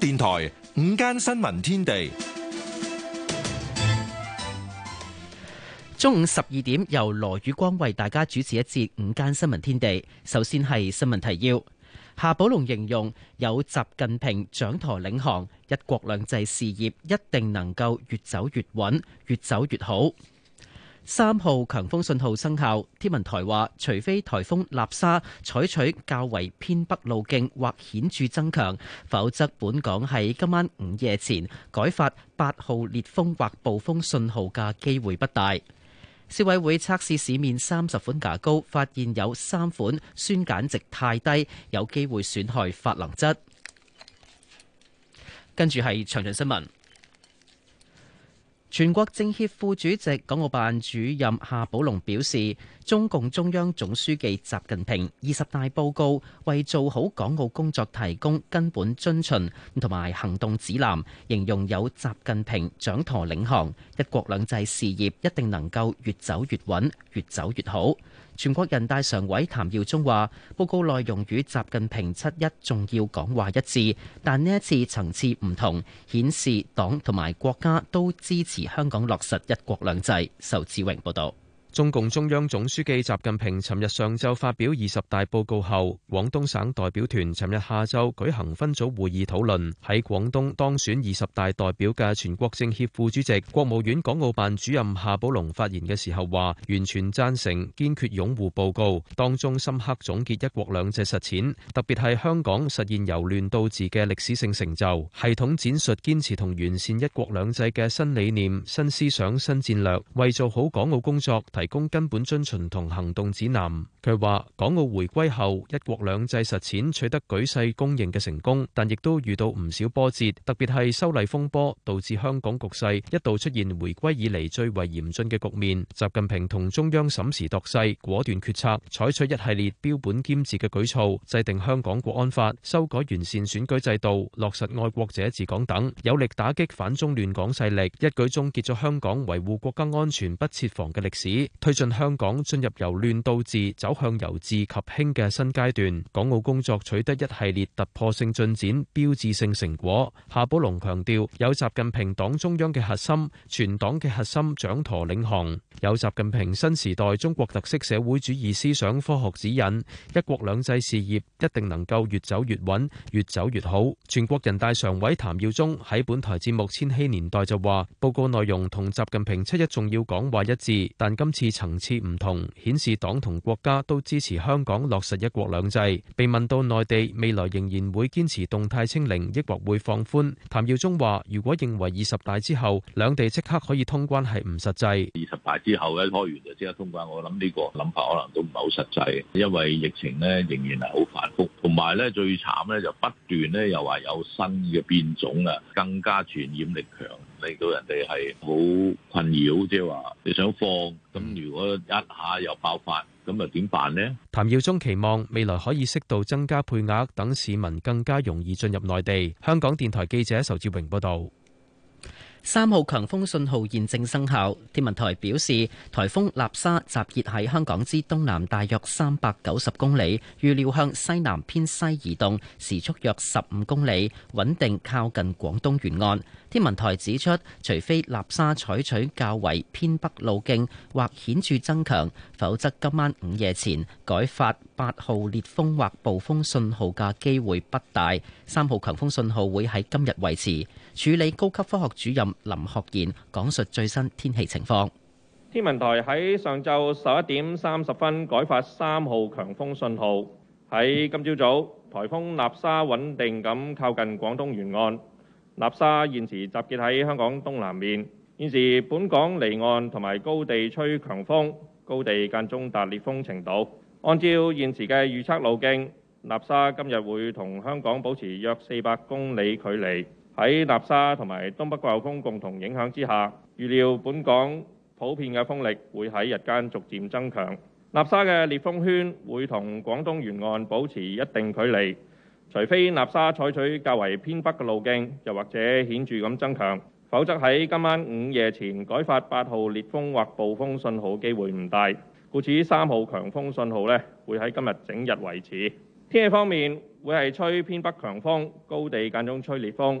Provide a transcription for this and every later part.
電台午間新聞天地，中午十二點，由羅宇光為大家主持一節午間新聞天地。首先係新聞提要，夏寶龍形容有習近平掌舵領航，一國兩制事業一定能夠越走越穩，越走越好。三號強風信號生效，天文台話，除非台風立沙採取較為偏北路徑或顯著增強，否則本港喺今晚午夜前改發八號烈風或暴風信號嘅機會不大。消委會測試市面三十款牙膏，發現有三款酸鹼值太低，有機會損害珐琅質。跟住係詳盡新聞。全國政協副主席、港澳辦主任夏寶龍表示，中共中央總書記習近平二十大報告為做好港澳工作提供根本遵循同埋行動指南，形容有習近平掌舵領航，一國兩制事業一定能夠越走越穩、越走越好。全國人大常委譚耀宗話：報告內容與習近平七一重要講話一致，但呢一次層次唔同，顯示黨同埋國家都支持香港落實一國兩制。仇志榮報道。中共中央總書記習近平尋日上晝發表二十大報告後，廣東省代表團尋日下晝舉行分組會議討論。喺廣東當選二十大代表嘅全國政協副主席、國務院港澳辦主任夏寶龍發言嘅時候話：完全贊成、堅決擁護報告，當中深刻總結一國兩制實踐，特別係香港實現由亂到治嘅歷史性成就，系統展述堅持同完善一國兩制嘅新理念、新思想、新戰略，為做好港澳工作提供根本遵循同行動指南。佢話：港澳回歸後，一國兩制實踐取得舉世公認嘅成功，但亦都遇到唔少波折，特別係修例風波，導致香港局勢一度出現回歸以嚟最為嚴峻嘅局面。習近平同中央審時度勢，果斷決策，採取一系列標本兼治嘅舉措，制定香港國安法，修改完善選舉制度，落實愛國者治港等，有力打擊反中亂港勢力，一舉終結咗香港維護國家安全不設防嘅歷史。推進香港進入由亂到治、走向由治及興嘅新階段，港澳工作取得一系列突破性進展、標誌性成果。夏寶龍強調：有習近平黨中央嘅核心、全黨嘅核心掌舵領航，有習近平新時代中國特色社會主義思想科學指引，一國兩制事業一定能夠越走越穩、越走越好。全國人大常委譚耀宗喺本台節目《千禧年代》就話：報告內容同習近平七一重要講話一致，但今次次層次唔同，顯示黨同國家都支持香港落實一國兩制。被問到內地未來仍然會堅持動態清零，抑或會放寬，譚耀宗話：如果認為二十大之後兩地即刻可以通關係唔實際。二十大之後咧開完就即刻通關，我諗呢個諗法可能都唔係好實際，因為疫情咧仍然係好反覆，同埋咧最慘咧就不斷咧又話有新嘅變種啊，更加傳染力強。令到人哋係好困擾，即係話你想放，咁如果一下又爆發，咁又點辦呢？譚耀宗期望未來可以適度增加配額，等市民更加容易進入內地。香港電台記者仇志榮報導。三號強風信號現正生效。天文台表示，颱風納沙集結喺香港之東南大約三百九十公里，預料向西南偏西移動，時速約十五公里，穩定靠近廣東沿岸。天文台指出，除非納沙採取較為偏北路徑或顯著增強，否則今晚午夜前改發八號烈風或暴風信號嘅機會不大。三號強風信號會喺今日維持。處理高級科學主任林學賢講述最新天氣情況。天文台喺上晝十一點三十分改發三號強風信號。喺今朝早，台風納沙穩定咁靠近廣東沿岸。納沙現時集結喺香港東南面。現時本港離岸同埋高地吹強風，高地間中達烈風程度。按照現時嘅預測路徑，納沙今日會同香港保持約四百公里距離。喺納沙同埋東北季候風共同影響之下，預料本港普遍嘅風力會喺日間逐漸增強，納沙嘅烈風圈會同廣東沿岸保持一定距離，除非納沙採取較為偏北嘅路徑，又或者顯著咁增強，否則喺今晚午夜前改發八號烈風或暴風信號機會唔大。故此，三號強風信號咧會喺今日整日維持。天氣方面，會，係吹偏北強風，高地間中吹烈風。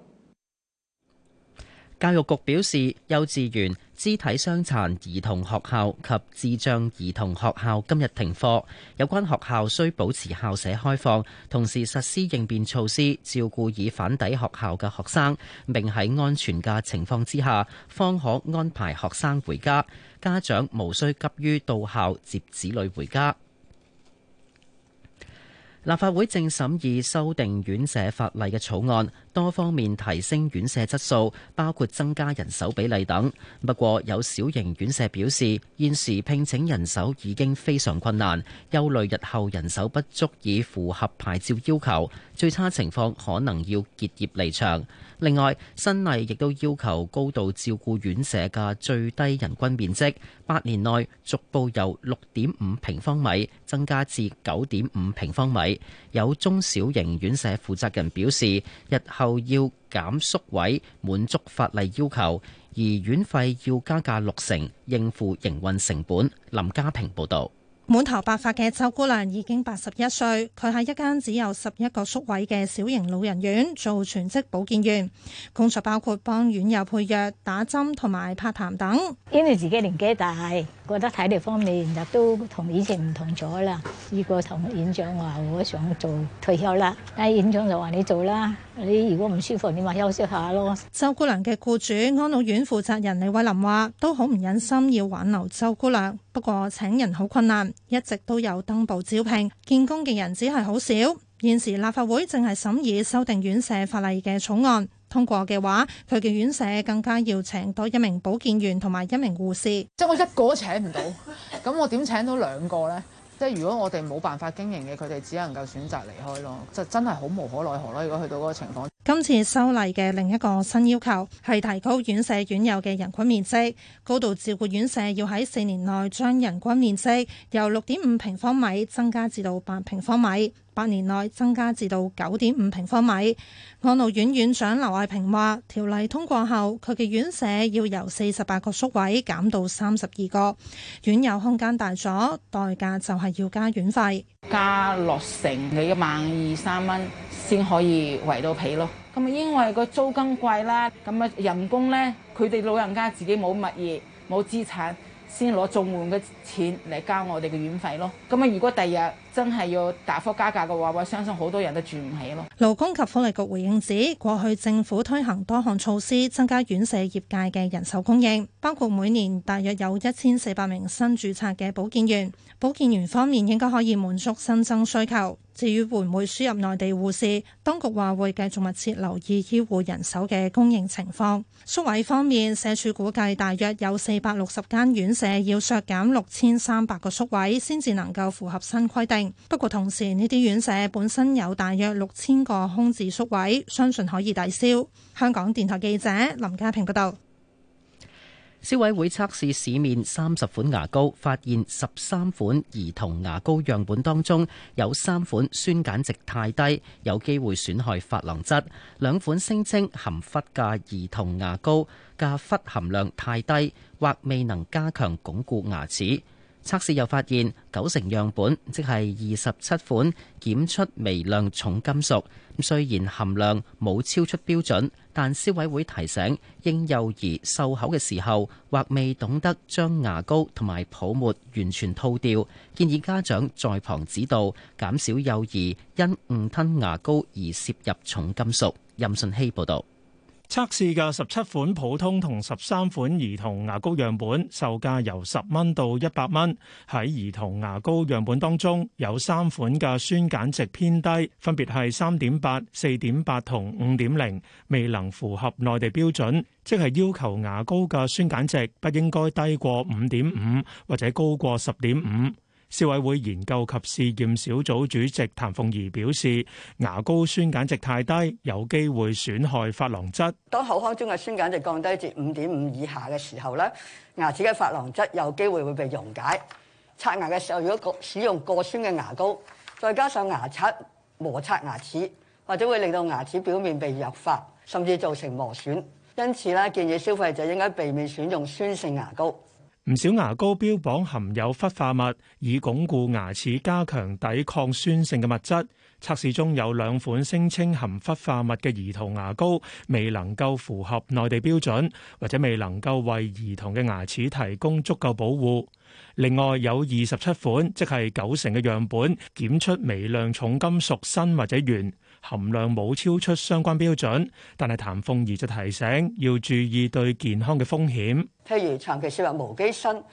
教育局表示，幼稚園、肢體傷殘兒童學校及智障兒童學校今日停課，有關學校需保持校舍開放，同時實施應變措施，照顧已返抵學校嘅學生，並喺安全嘅情況之下，方可安排學生回家。家長無需急於到校接子女回家。立法會正審議修訂院舍法例嘅草案。多方面提升院舍質素，包括增加人手比例等。不過，有小型院舍表示，現時聘請人手已經非常困難，憂慮日後人手不足以符合牌照要求，最差情況可能要結業離場。另外，新例亦都要求高度照顧院舍嘅最低人均面積，八年內逐步由六點五平方米增加至九點五平方米。有中小型院舍負責人表示，日後後要減宿位滿足法例要求，而院費要加價六成應付營運成本。林家平報道。滿頭白髮嘅周姑娘已經八十一歲，佢喺一間只有十一個宿位嘅小型老人院做全職保健員，工作包括幫院友配藥、打針同埋拍痰等。因為自己年紀大，覺得體力方面就都同以前唔同咗啦。依個同院長話，我想做退休啦，但院長就話你做啦。你如果唔舒服，你咪休息下咯。周姑娘嘅僱主安老院負責人李慧琳話，都好唔忍心要挽留周姑娘，不過請人好困難，一直都有登報招聘，見工嘅人只係好少。現時立法會正係審議修訂院舍法例嘅草案，通過嘅話，佢嘅院舍更加要請多一名保健員同埋一名護士。即係我一個都請唔到，咁我點請到兩個呢？即係如果我哋冇辦法經營嘅，佢哋只能夠選擇離開咯，就真係好無可奈何咯。如果去到嗰個情況。今次修例嘅另一個新要求係提高院舍院友嘅人均面積，高度照顧院舍要喺四年內將人均面積由六點五平方米增加至到八平方米。八年內增加至到九點五平方米。安老院院長劉愛平話：條例通過後，佢嘅院舍要由四十八個宿位減到三十二個，院友空間大咗，代價就係要加院費，加落成你一萬二三蚊先可以圍到皮咯。咁啊，因為個租金貴啦，咁啊人工咧，佢哋老人家自己冇物業，冇資產。先攞綜援嘅錢嚟交我哋嘅院費咯。咁啊，如果第日真係要大幅加價嘅話，我相信好多人都住唔起咯。勞工及福利局回應指，過去政府推行多項措施，增加院舍業界嘅人手供應，包括每年大約有一千四百名新註冊嘅保健員。保健員方面應該可以滿足新增需求。至於會唔會輸入內地護士，當局話會繼續密切留意醫護人手嘅供應情況。宿位方面，社署估計大約有四百六十間院舍要削減六千三百個宿位，先至能夠符合新規定。不過同時，呢啲院舍本身有大約六千個空置宿位，相信可以抵消。香港電台記者林家平報道。消委會測試市面三十款牙膏，發現十三款兒童牙膏樣本當中有三款酸鹼值太低，有機會損害琺瑯質；兩款聲稱含氟嘅兒童牙膏，氟含量太低，或未能加強鞏固牙齒。測試又發現九成樣本，即係二十七款，檢出微量重金屬，雖然含量冇超出標準。但消委會提醒，嬰幼兒漱口嘅時候或未懂得將牙膏同埋泡沫完全吐掉，建議家長在旁指導，減少幼兒因誤吞牙膏而攝入重金屬。任信希報導。測試嘅十七款普通同十三款兒童牙膏樣本，售價由十蚊到一百蚊。喺兒童牙膏樣本當中，有三款嘅酸鹼值偏低，分別係三點八、四點八同五點零，未能符合內地標準，即係要求牙膏嘅酸鹼值不應該低過五點五或者高過十點五。消委會研究及試驗小組主席譚鳳儀表示，牙膏酸鹼值太低，有機會損害珐琅質。當口腔中嘅酸鹼值降低至五點五以下嘅時候咧，牙齒嘅珐琅質有機會會被溶解。刷牙嘅時候，如果使用過酸嘅牙膏，再加上牙刷摩擦牙齒，或者會令到牙齒表面被弱化，甚至造成磨損。因此咧，建議消費者應該避免選用酸性牙膏。唔少牙膏標榜含有氟化物，以鞏固牙齒、加強抵抗酸性嘅物質。測試中有兩款聲稱含氟化物嘅兒童牙膏，未能夠符合內地標準，或者未能夠為兒童嘅牙齒提供足夠保護。另外有二十七款，即係九成嘅樣本檢出微量重金屬砷或者鉛。含量冇超出相關標準，但係譚鳳儀就提醒要注意對健康嘅風險。譬如長期攝入無機砷，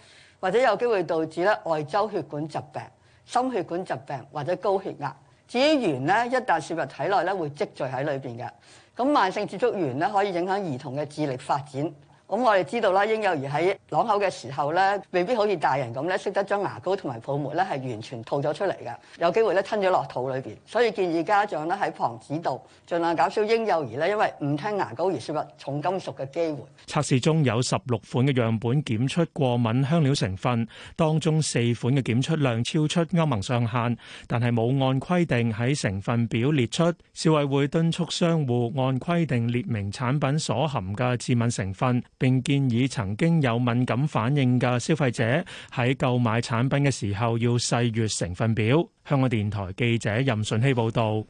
或者有機會導致咧外周血管疾病、心血管疾病或者高血壓。至於鉛咧，一旦攝入體內咧，會積聚喺裏邊嘅。咁慢性接觸鉛咧，可以影響兒童嘅智力發展。咁、嗯、我哋知道啦，嬰幼兒喺朗口嘅時候咧，未必好似大人咁咧，識得將牙膏同埋泡沫咧係完全吐咗出嚟嘅，有機會咧吞咗落肚裏邊。所以建議家長咧喺旁指導，盡量減少嬰幼兒咧，因為唔吞牙膏而攝入重金屬嘅機會。測試中有十六款嘅樣本檢出過敏香料成分，當中四款嘅檢出量超出歐盟上限，但係冇按規定喺成分表列出。消委會敦促商戶按規定列明產品所含嘅致敏成分。並建議曾經有敏感反應嘅消費者喺購買產品嘅時候要細閱成分表。香港電台記者任順希報道，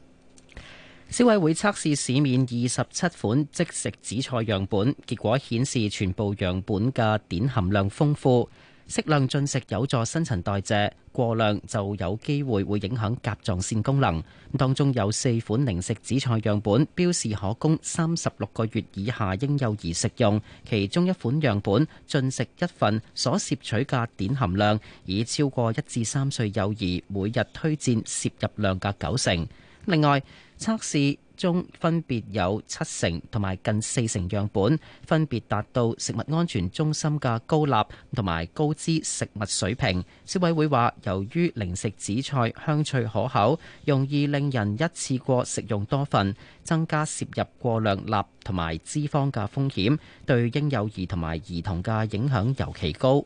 消委會測試市面二十七款即食紫菜樣本，結果顯示全部樣本嘅碘含量豐富。適量進食有助新陳代謝，過量就有機會會影響甲狀腺功能。當中有四款零食紫菜樣本標示可供三十六個月以下嬰幼兒食用，其中一款樣本進食一份所攝取嘅碘含量已超過一至三歲幼兒每日推薦攝入量嘅九成。另外，測試中分別有七成同埋近四成樣本，分別達到食物安全中心嘅高鈉同埋高脂食物水平。消委會話，由於零食紫菜香脆可口，容易令人一次過食用多份，增加攝入過量鈉同埋脂肪嘅風險，對嬰幼兒同埋兒童嘅影響尤其高。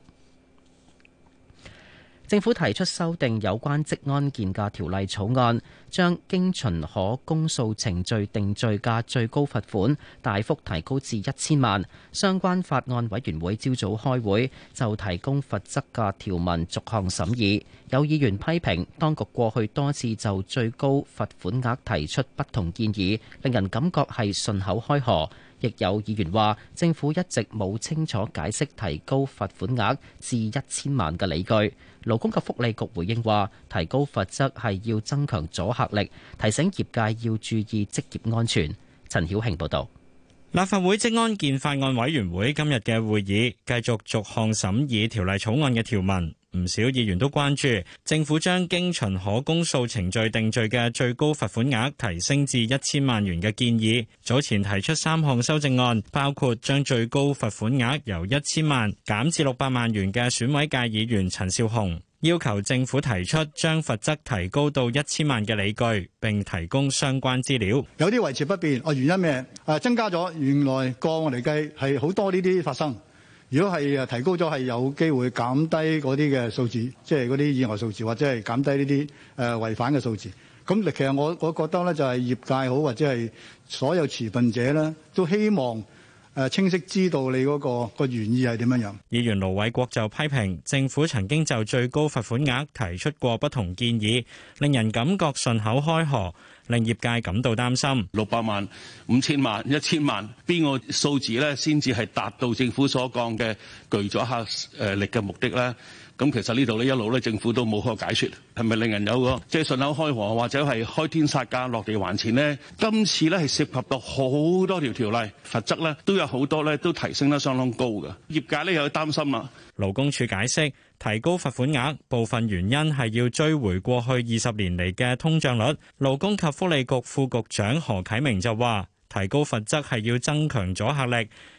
政府提出修訂有關職安健嘅條例草案，將經循可公訴程序定罪嘅最高罰款大幅提高至一千萬。相關法案委員會朝早開會就提供罰則嘅條文逐項審議。有議員批評當局過去多次就最高罰款額提出不同建議，令人感覺係信口開河。亦有議員話，政府一直冇清楚解釋提高罰款額至一千萬嘅理據。勞工及福利局回應話，提高罰則係要增強阻嚇力，提醒業界要注意職業安全。陳曉慶報導。立法會職安健法案委員會今日嘅會議繼續逐項審議條例草案嘅條文。唔少議員都關注政府將經循可公訴程序定罪嘅最高罰款額提升至一千萬元嘅建議，早前提出三項修正案，包括將最高罰款額由一千萬減至六百萬元嘅選委界議員陳紹雄，要求政府提出將罰則提高到一千萬嘅理據，並提供相關資料。有啲維持不變，哦，原因咩？誒、啊、增加咗，原來個案嚟計係好多呢啲發生。如果係提高咗，係有機會減低嗰啲嘅數字，即係嗰啲意外數字，或者係減低呢啲誒違反嘅數字。咁其實我我覺得呢，就係業界好，或者係所有持份者呢，都希望。誒清晰知道你嗰個原意係點樣樣？議員盧偉國就批評政府曾經就最高罰款額提出過不同建議，令人感覺信口開河，令業界感到擔心。六百萬、五千萬、一千萬，邊個數字咧先至係達到政府所講嘅具阻嚇誒力嘅目的咧？咁其實呢度呢，一路咧，政府都冇個解説，係咪令人有個即係順口開河，或者係開天殺價、落地還錢呢？今次咧係涉及到好多條條例罰則咧，都有好多咧都提升得相當高嘅，業界呢有擔心啊，勞工處解釋，提高罰款額部分原因係要追回過去二十年嚟嘅通脹率。勞工及福利局副，副局長何啟明就話：提高罰則係要增強阻嚇力。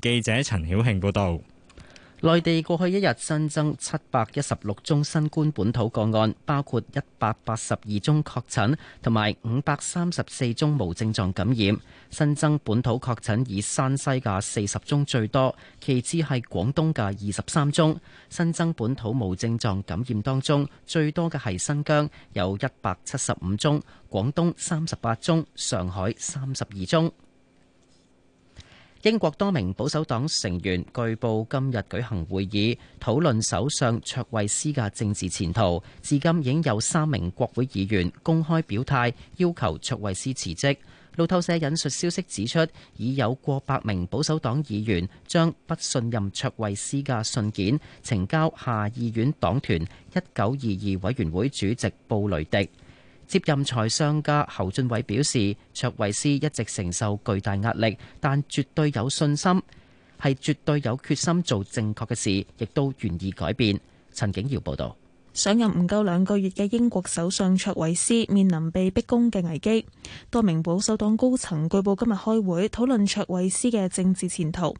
記者陳曉慶報道，內地過去一日新增七百一十六宗新冠本土個案，包括一百八十二宗確診同埋五百三十四宗無症狀感染。新增本土確診以山西嘅四十宗最多，其次係廣東嘅二十三宗。新增本土無症狀感染當中，最多嘅係新疆，有一百七十五宗，廣東三十八宗，上海三十二宗。英國多名保守黨成員據報今日舉行會議，討論首相卓慧斯嘅政治前途。至今已經有三名國會議員公開表態，要求卓慧斯辭職。路透社引述消息指出，已有過百名保守黨議員將不信任卓慧斯嘅信件呈交下議院黨團一九二二委員會主席布雷迪。接任財相嘅侯俊偉表示，卓慧思一直承受巨大壓力，但絕對有信心，係絕對有決心做正確嘅事，亦都願意改變。陳景耀報道。上任唔夠兩個月嘅英國首相卓維斯面臨被逼宮嘅危機，多名保守黨高層據報今日開會討論卓維斯嘅政治前途。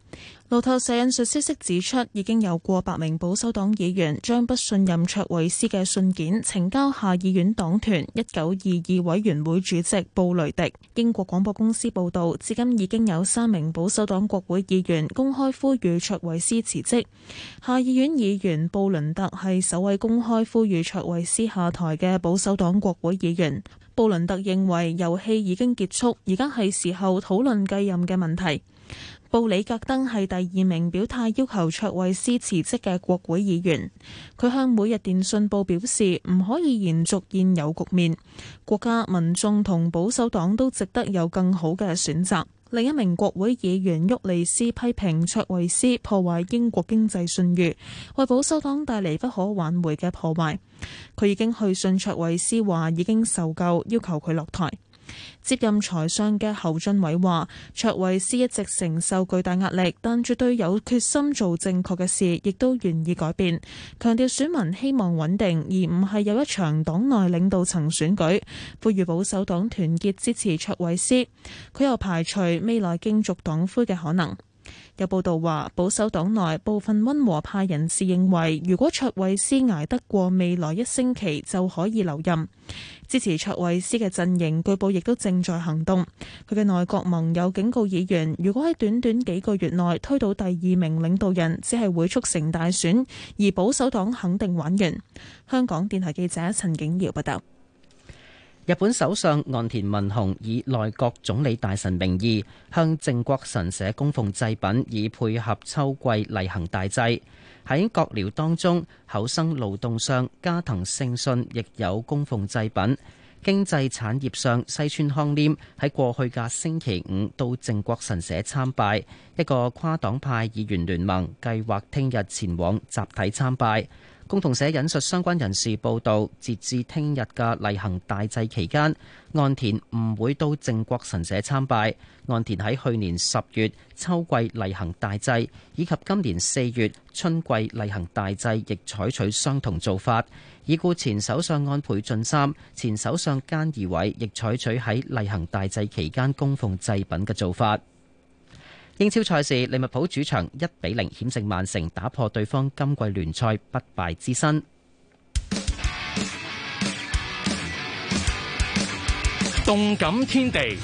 路透社引述消息指出，已經有過百名保守黨議員將不信任卓維斯嘅信件呈交下議院黨團一九二二委員會主席布雷迪。英國廣播公司報道，至今已經有三名保守黨國會議員公開呼籲卓維斯辭職。下議院議員布倫特係首位公開呼籲卓維斯下台嘅保守黨國會議員布倫特認為遊戲已經結束，而家係時候討論繼任嘅問題。布里格登係第二名表態要求卓維斯辭職嘅國會議員，佢向《每日電訊報》表示唔可以延續現有局面，國家、民眾同保守黨都值得有更好嘅選擇。另一名國會議員沃利斯批評卓維斯破壞英國經濟信譽，為保守黨帶嚟不可挽回嘅破壞。佢已經去信卓維斯，話已經受夠，要求佢落台。接任財相嘅侯俊偉話：卓偉斯一直承受巨大壓力，但絕對有決心做正確嘅事，亦都願意改變。強調選民希望穩定，而唔係有一場黨內領導層選舉。呼籲保守黨團結支持卓偉斯。佢又排除未來競逐黨魁嘅可能。有報道話，保守黨內部分温和派人士認為，如果卓慧斯捱得過未來一星期，就可以留任。支持卓慧斯嘅陣營據報亦都正在行動。佢嘅內閣盟友警告議員，如果喺短短幾個月內推倒第二名領導人，只係會促成大選，而保守黨肯定玩完。香港電台記者陳景耀報道。日本首相岸田文雄以內閣總理大臣名義向靖國神社供奉祭品，以配合秋季例行大祭。喺閣僚當中，厚生勞動相加藤勝信亦有供奉祭品。經濟產業相西村康稔喺過去嘅星期五到靖國神社參拜。一個跨黨派議員聯盟計劃聽日前往集體參拜。共同社引述相關人士報道，截至聽日嘅例行大祭期間，岸田唔會到靖國神社參拜。岸田喺去年十月秋季例行大祭以及今年四月春季例行大祭，亦採取相同做法。已故前首相安倍晉三、前首相菅義偉亦採取喺例行大祭期間供奉祭品嘅做法。英超賽事，利物浦主場一比零險勝曼城，打破對方今季聯賽不敗之身。動感天地。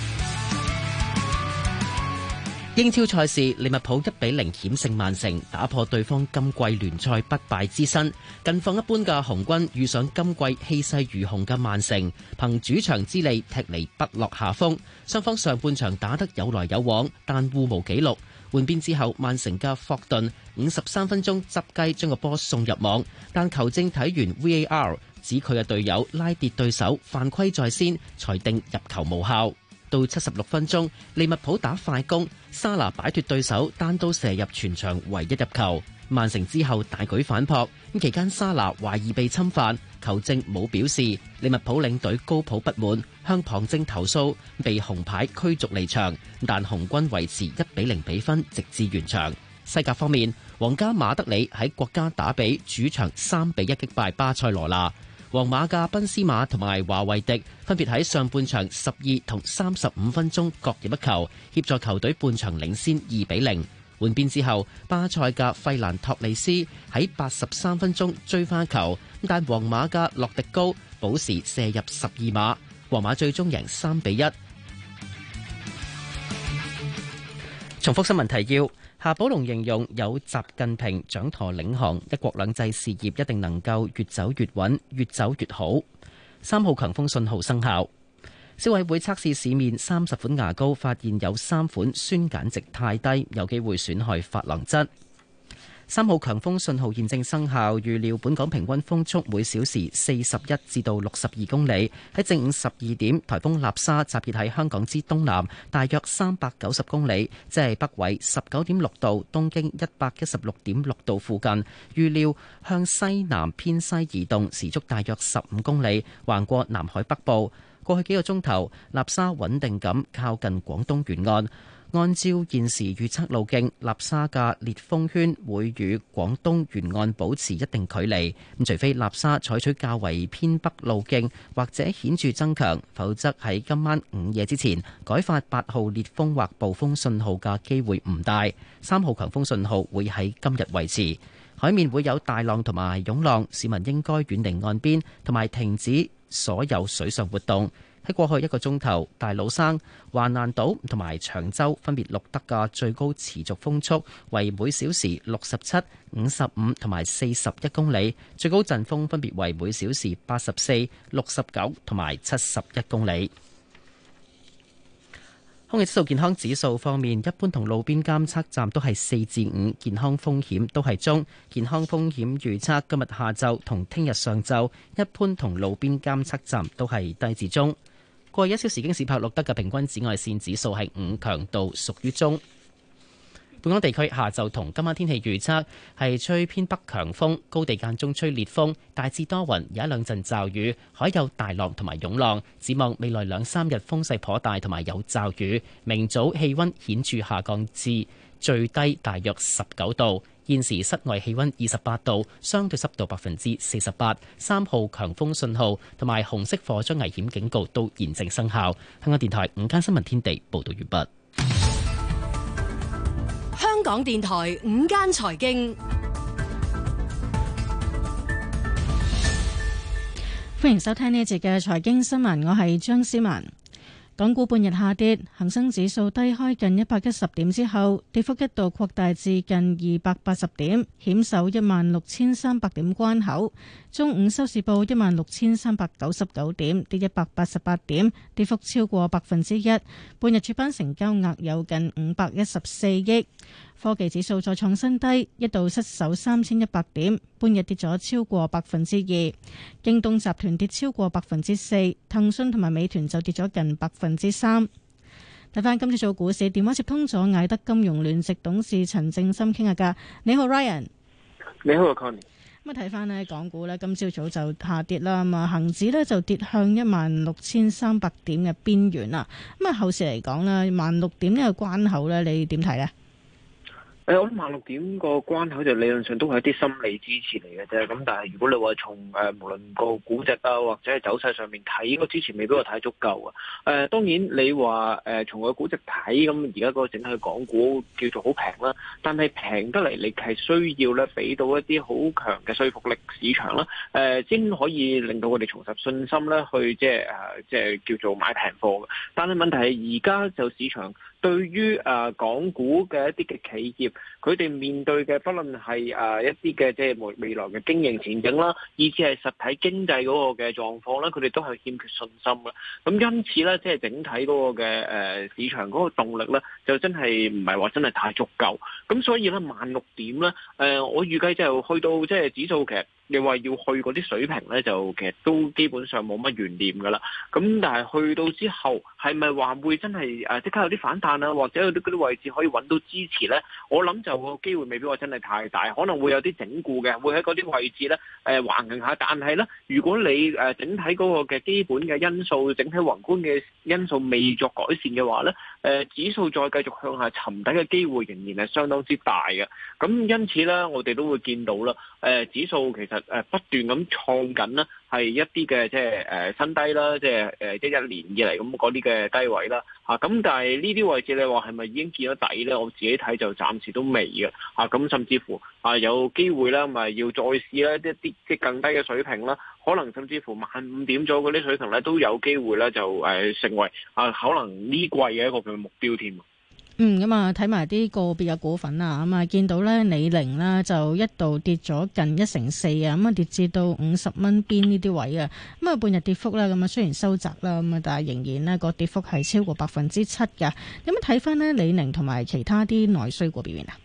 英超賽事，利物浦一比零險勝曼城，打破對方今季聯賽不敗之身。近況一般嘅紅軍遇上今季氣勢如虹嘅曼城，憑主場之利踢嚟不落下風。雙方上半場打得有來有往，但互無紀錄。換邊之後，曼城嘅霍頓五十三分鐘執雞將個波送入網，但球證睇完 VAR，指佢嘅隊友拉跌對手，犯規在先，裁定入球無效。到七十六分鐘，利物浦打快攻，沙拿擺脱對手，單刀射入全場唯一入球。曼城之後大舉反撲，期間沙拿懷疑被侵犯，球證冇表示。利物浦領隊高普不滿，向旁證投訴，被紅牌驅逐離場。但紅軍維持一比零比分，直至完場。西甲方面，皇家馬德里喺國家打比主場三比一擊敗巴塞羅那。皇馬嘅賓斯馬同埋華為迪分別喺上半場十二同三十五分鐘各入一球，協助球隊半場領先二比零。換邊之後，巴塞嘅費蘭托利斯喺八十三分鐘追翻球，但皇馬嘅洛迪高保時射入十二碼，皇馬最終贏三比一。重複新聞提要。夏寶龍形容有習近平掌舵領航，一國兩制事業一定能夠越走越穩、越走越好。三號強風信號生效。消委會測試市面三十款牙膏，發現有三款酸鹼值太低，有機會損害珐琅質。三號強風信號現正生效，預料本港平均風速每小時四十一至到六十二公里。喺正午十二點，颱風納沙集結喺香港之東南，大約三百九十公里，即係北緯十九點六度、東經一百一十六點六度附近。預料向西南偏西移動，時速大約十五公里，橫過南海北部。過去幾個鐘頭，納沙穩定咁靠近廣東沿岸。按照現時預測路徑，納沙嘅烈風圈會與廣東沿岸保持一定距離。咁除非納沙採取較為偏北路徑，或者顯著增強，否則喺今晚午夜之前改發八號烈風或暴風信號嘅機會唔大。三號強風信號會喺今日維持，海面會有大浪同埋湧浪，市民應該遠離岸邊同埋停止所有水上活動。喺過去一個鐘頭，大老山、橫瀾島同埋長洲分別錄得嘅最高持續風速為每小時六十七、五十五同埋四十一公里，最高陣風分別為每小時八十四、六十九同埋七十一公里。空氣質素健康指數方面，一般同路邊監測站都係四至五，健康風險都係中。健康風險預測今日下晝同聽日上晝，一般同路邊監測站都係低至中。過去一小時京士柏錄得嘅平均紫外線指數係五，強度屬於中。本港地區下晝同今晚天氣預測係吹偏北強風，高地間中吹烈風，大致多雲，有一兩陣驟雨，海有大浪同埋湧浪。展望未來兩三日風勢頗大，同埋有驟雨。明早氣温顯著下降至最低大約十九度。現時室外氣溫二十八度，相對濕度百分之四十八，三號強風信號同埋紅色火災危險警告都現正生效。香港電台午間新聞天地報道完畢。香港電台午間財經，歡迎收聽呢一節嘅財經新聞，我係張思文。港股半日下跌，恒生指數低開近一百一十點之後，跌幅一度擴大至近二百八十點，險守一萬六千三百點關口。中午收市報一萬六千三百九十九點，跌一百八十八點，跌幅超過百分之一。半日主板成交額有近五百一十四億。科技指數再創新低，一度失守三千一百點，半日跌咗超過百分之二。京東集團跌超過百分之四，騰訊同埋美團就跌咗近百分之三。睇翻今朝早股市，電話接通咗，艾德金融聯席董事陳正心傾下偈。你好，Ryan。你好，Connie。咁啊，睇翻咧港股咧，今朝早，早就下跌啦。咁啊，恒指咧就跌向一萬六千三百點嘅邊緣啦。咁啊，後市嚟講咧，萬六點呢個關口咧，你點睇咧？誒、哎，我諗萬六點個關口就理論上都係一啲心理支持嚟嘅啫。咁但係如果你話從誒無論個估值，啊或者係走勢上面睇，應該支持未必我睇足夠啊。誒、呃，當然你話誒從個估值睇，咁而家個整體港股叫做好平啦。但係平得嚟，你係需要咧俾到一啲好強嘅說服力市場啦。誒、呃，先可以令到我哋重拾信心咧，去即係誒即係叫做買平貨。但係問題係而家就市場。對於誒港股嘅一啲嘅企業，佢哋面對嘅不論係誒一啲嘅即係未未來嘅經營前景啦，以至係實體經濟嗰個嘅狀況咧，佢哋都係欠缺信心嘅。咁因此咧，即係整體嗰個嘅誒市場嗰個動力咧，就真係唔係話真係太足夠。咁所以咧，萬六點咧，誒我預計即係去到即係指數其實。你話要去嗰啲水平呢，就其實都基本上冇乜懸念㗎喇。咁但係去到之後，係咪話會真係誒即刻有啲反彈啊？或者有啲啲位置可以揾到支持呢？我諗就個機會未必話真係太大，可能會有啲整固嘅，會喺嗰啲位置呢，誒、呃、橫行下。但係呢，如果你誒整體嗰個嘅基本嘅因素、整體宏觀嘅因素未作改善嘅話呢，誒、呃、指數再繼續向下沉底嘅機會仍然係相當之大嘅。咁因此呢，我哋都會見到啦。誒、呃、指數其實～誒、啊、不斷咁創緊咧，係一啲嘅，即係誒新低啦，即係誒即一年以嚟咁嗰啲嘅低位啦。吓、啊、咁，但係呢啲位置你話係咪已經見咗底咧？我自己睇就暫時都未嘅。吓、啊、咁、啊，甚至乎啊有機會咧，咪、啊、要再試咧一啲即係更低嘅水平啦。可能甚至乎萬五點左右嗰啲水平咧，都有機會咧就誒成為啊可能呢季嘅一個嘅目標添。嗯，咁啊，睇埋啲個別嘅股份啊，咁啊，見到咧李寧呢就一度跌咗近一成四啊，咁啊跌至到五十蚊邊呢啲位啊，咁啊半日跌幅啦。咁啊雖然收窄啦，咁啊但係仍然呢個跌幅係超過百分之七噶。咁樣睇翻呢，李寧同埋其他啲內需股表現啊？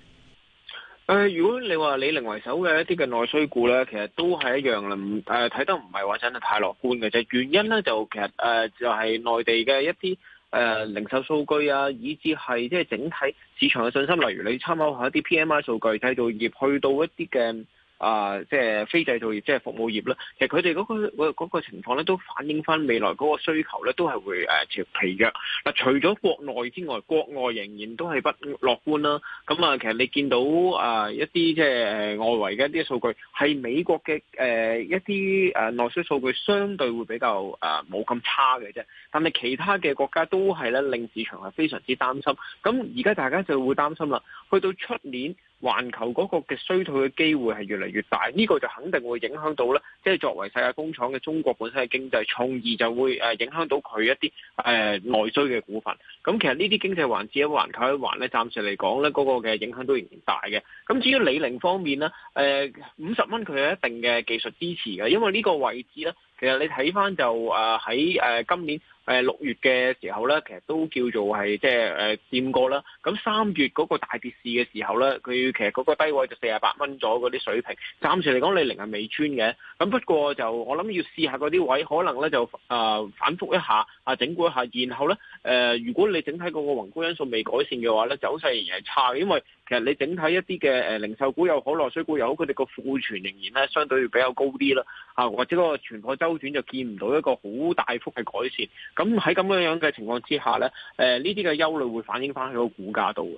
誒、呃，如果你話李寧為首嘅一啲嘅內需股咧，其實都係一樣啦，誒、呃、睇得唔係話真係太樂觀嘅啫。原因咧就其實誒、呃、就係、是、內地嘅一啲。誒、呃，零售數據啊，以至係即係整體市場嘅信心，例如你參考一下一啲 PMI 數據，製造業業去到一啲嘅。啊、呃，即係非製造業，即係服務業咧。其實佢哋嗰個情況咧，都反映翻未來嗰個需求咧，都係會誒潮疲弱。嗱、呃，除咗國內之外，國外仍然都係不樂觀啦。咁啊，其實你見到啊、呃、一啲即係外圍嘅一啲數據，係美國嘅誒、呃、一啲誒內需數據相對會比較誒冇咁差嘅啫。但係其他嘅國家都係咧令市場係非常之擔心。咁而家大家就會擔心啦。去到出年，環球嗰個嘅衰退嘅機會係越嚟越大，呢個就肯定會影響到呢。即係作為世界工廠嘅中國本身嘅經濟，從而就會誒影響到佢一啲誒內需嘅股份。咁其實呢啲經濟環節喺環球一環呢，暫時嚟講呢，嗰個嘅影響都仍然大嘅。咁至於李寧方面呢，誒五十蚊佢有一定嘅技術支持嘅，因為呢個位置呢，其實你睇翻就誒喺誒今年。誒六、呃、月嘅時候呢，其實都叫做係即係誒佔過啦。咁三月嗰個大跌市嘅時候呢，佢其實嗰個低位就四十八蚊左右嗰啲水平。暫時嚟講，你零係未穿嘅。咁不過就我諗要試下嗰啲位，可能呢就誒、呃、反覆一下啊，整固一下。然後呢，誒、呃，如果你整體嗰個宏觀因素未改善嘅話呢，走勢仍然係差嘅，因為。其實你整體一啲嘅誒零售股又好，內需股又好，佢哋個庫存仍然咧相對比較高啲啦，吓、啊、或者嗰個存貨周轉就見唔到一個好大幅嘅改善。咁喺咁樣樣嘅情況之下咧，誒呢啲嘅憂慮會反映翻喺個股價度嘅。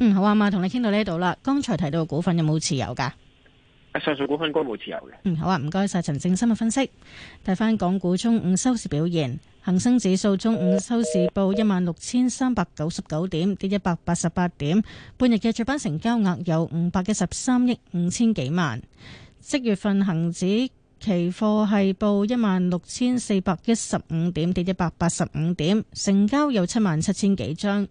嗯，好啊嘛，同你傾到呢度啦。剛才提到嘅股份有冇持有噶？上述股份應該冇持有嘅。嗯，好啊，唔該晒陳正深嘅分析。睇翻港股中午收市表現，恒生指數中午收市報一萬六千三百九十九點，跌一百八十八點。半日嘅主板成交額有五百一十三億五千幾萬。即月份恒指期貨係報一萬六千四百一十五點，跌一百八十五點，成交有七萬七千幾張。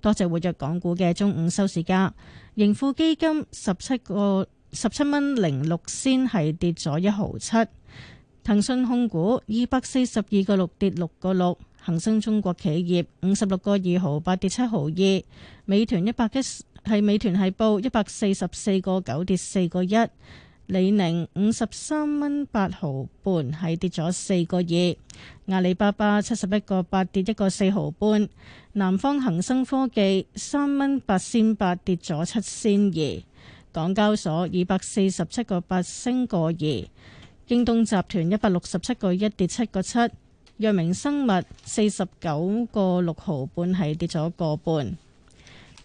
多隻活躍港股嘅中午收市價。盈富基金十七個。十七蚊零六仙係跌咗一毫七。騰訊控股二百四十二個六，跌六個六。恒生中國企業五十六個二毫八，跌七毫二。美團一百一係，美團係報一百四十四個九，跌四個一。李寧五十三蚊八毫半係跌咗四個二。阿里巴巴七十一個八，跌一個四毫半。南方恒生科技三蚊八仙八，跌咗七仙二。港交所二百四十七個八升個二，京東集團一百六十七個一跌七個七，藥明生物四十九個六毫半係跌咗個半。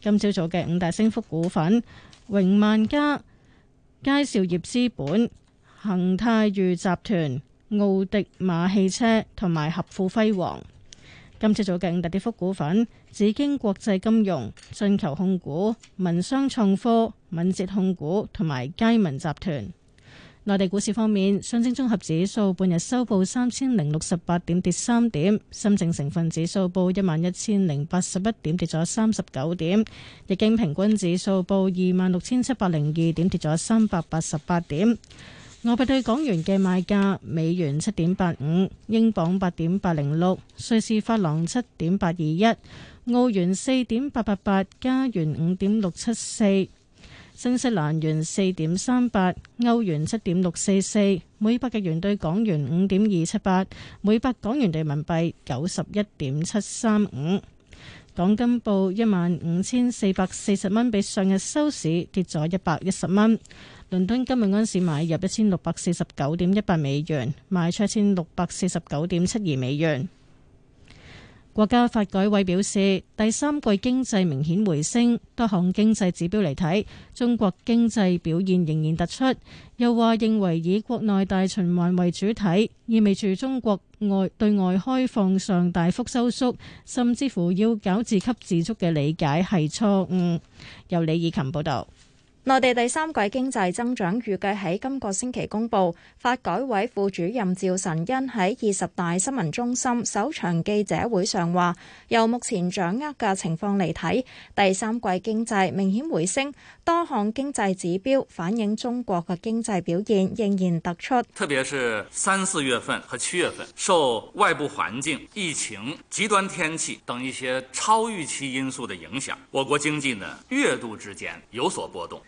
今朝早嘅五大升幅股份：榮萬家、佳兆業資本、恒泰裕集團、奧迪馬汽車同埋合富輝煌。今朝早嘅五大跌幅股份。紫金國際金融、進求控股、民商創科、敏捷控股同埋佳民集團。內地股市方面，上證綜合指數半日收報三千零六十八點，跌三點。深證成分指數報一萬一千零八十一點，跌咗三十九點。日經平均指數報二萬六千七百零二點，跌咗三百八十八點。外幣對港元嘅賣價：美元七點八五，英鎊八點八零六，瑞士法郎七點八二一，澳元四點八八八，加元五點六七四，新西蘭元四點三八，歐元七點六四四，每百日元對港元五點二七八，每百港元人民幣九十一點七三五。港金報一萬五千四百四十蚊，比上日收市跌咗一百一十蚊。倫敦今日盎司買入一千六百四十九點一八美元，賣出一千六百四十九點七二美元。國家發改委表示，第三季經濟明顯回升，多項經濟指標嚟睇，中國經濟表現仍然突出。又話認為以國內大循環為主體，意味住中國外對外開放上大幅收縮，甚至乎要搞自給自足嘅理解係錯誤。由李以琴報道。內地第三季經濟增長預計喺今個星期公佈。發改委副主任趙辰昕喺二十大新聞中心首場記者會上話：由目前掌握嘅情況嚟睇，第三季經濟明顯回升，多項經濟指標反映中國嘅經濟表現仍然突出。特別是三四月份和七月份，受外部環境、疫情、極端天氣等一些超預期因素嘅影響，我國經濟呢月度之間有所波動。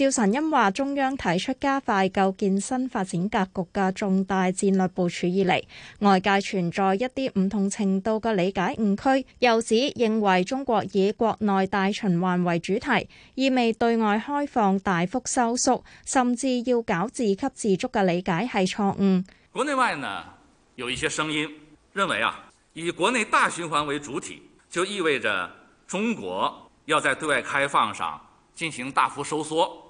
趙晨恩話：中央提出加快構建新發展格局嘅重大戰略部署以嚟，外界存在一啲唔同程度嘅理解誤區。又指認為中國以國內大循環為主題，意味對外開放大幅收縮，甚至要搞自給自足嘅理解係錯誤。國內外呢，有一些聲音認為啊，以國內大循環為主體，就意味着中國要在對外開放上進行大幅收縮。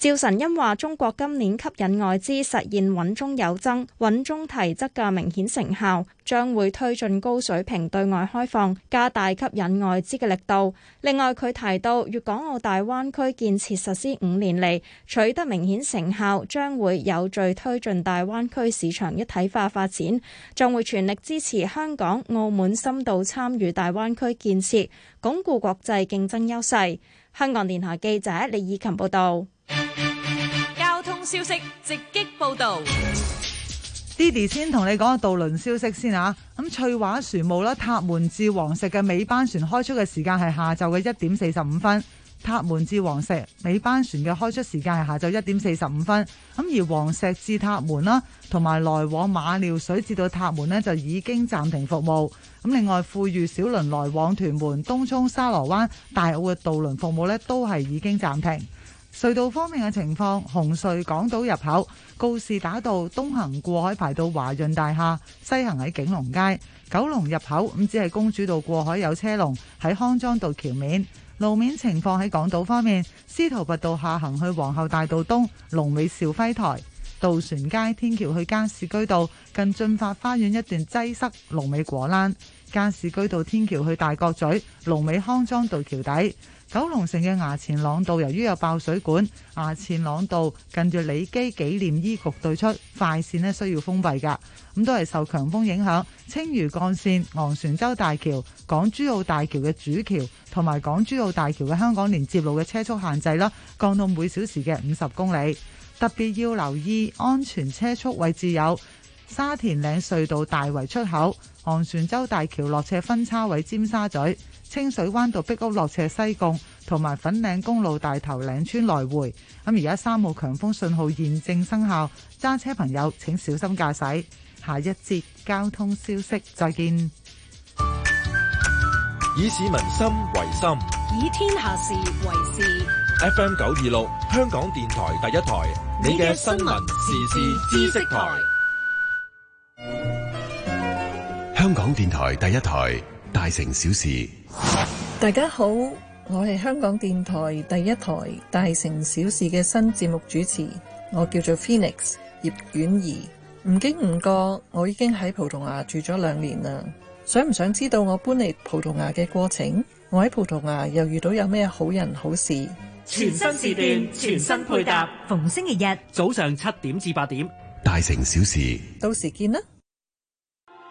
趙神恩話：中國今年吸引外資實現穩中有增，穩中提質嘅明顯成效，將會推進高水平對外開放，加大吸引外資嘅力度。另外，佢提到粵港澳大灣區建設實施五年嚟，取得明顯成效，將會有序推進大灣區市場一體化發展，將會全力支持香港、澳門深度參與大灣區建設，鞏固國際競爭優勢。香港電台記者李以琴報道，交通消息直擊報道。Didi 先同你講個渡輪消息先啊，咁翠華船務啦，塔門至黃石嘅尾班船開出嘅時間係下晝嘅一點四十五分。塔門至黃石尾班船嘅開出時間係下晝一點四十五分，咁而黃石至塔門啦，同埋來往馬料水至到塔門呢，就已經暫停服務。咁另外富裕小輪來往屯門東涌沙螺灣大澳嘅渡輪服務呢，都係已經暫停。隧道方面嘅情況，紅隧港島入口告士打道東行過海排到華潤大廈，西行喺景隆街；九龍入口咁只係公主道過海有車龍，喺康莊道橋面。路面情況，喺港島方面，司徒拔道下行去皇后大道東，龍尾肇輝台，渡船街天橋去加士居道近駿發花園一段擠塞龍，龍尾果欄；加士居道天橋去大角咀龍尾康莊道橋底。九龍城嘅衙前塱道，由於有爆水管，衙前塱道近住李基紀念醫局對出快線呢需要封閉㗎，咁都係受強風影響。青嶼幹線、昂船洲大橋、港珠澳大橋嘅主橋同埋港珠澳大橋嘅香港連接路嘅車速限制啦，降到每小時嘅五十公里。特別要留意安全車速位置有沙田嶺隧道大圍出口、昂船洲大橋落斜分叉位、尖沙咀。清水灣道碧屋落斜西貢同埋粉嶺公路大頭嶺村來回咁而家三號強風信號現正生效，揸車朋友請小心駕駛。下一節交通消息再見。以市民心為心，以天下事為事。FM 九二六，香港電台第一台，你嘅新聞時事知識台。香港電台第一台，大城小事。大家好，我係香港電台第一台大城小事嘅新節目主持，我叫做 Phoenix 葉婉儀。唔經唔覺，我已經喺葡萄牙住咗兩年啦。想唔想知道我搬嚟葡萄牙嘅過程？我喺葡萄牙又遇到有咩好人好事？全新時段，全新配搭，逢星期日早上七點至八點，大城小事，到時見啦。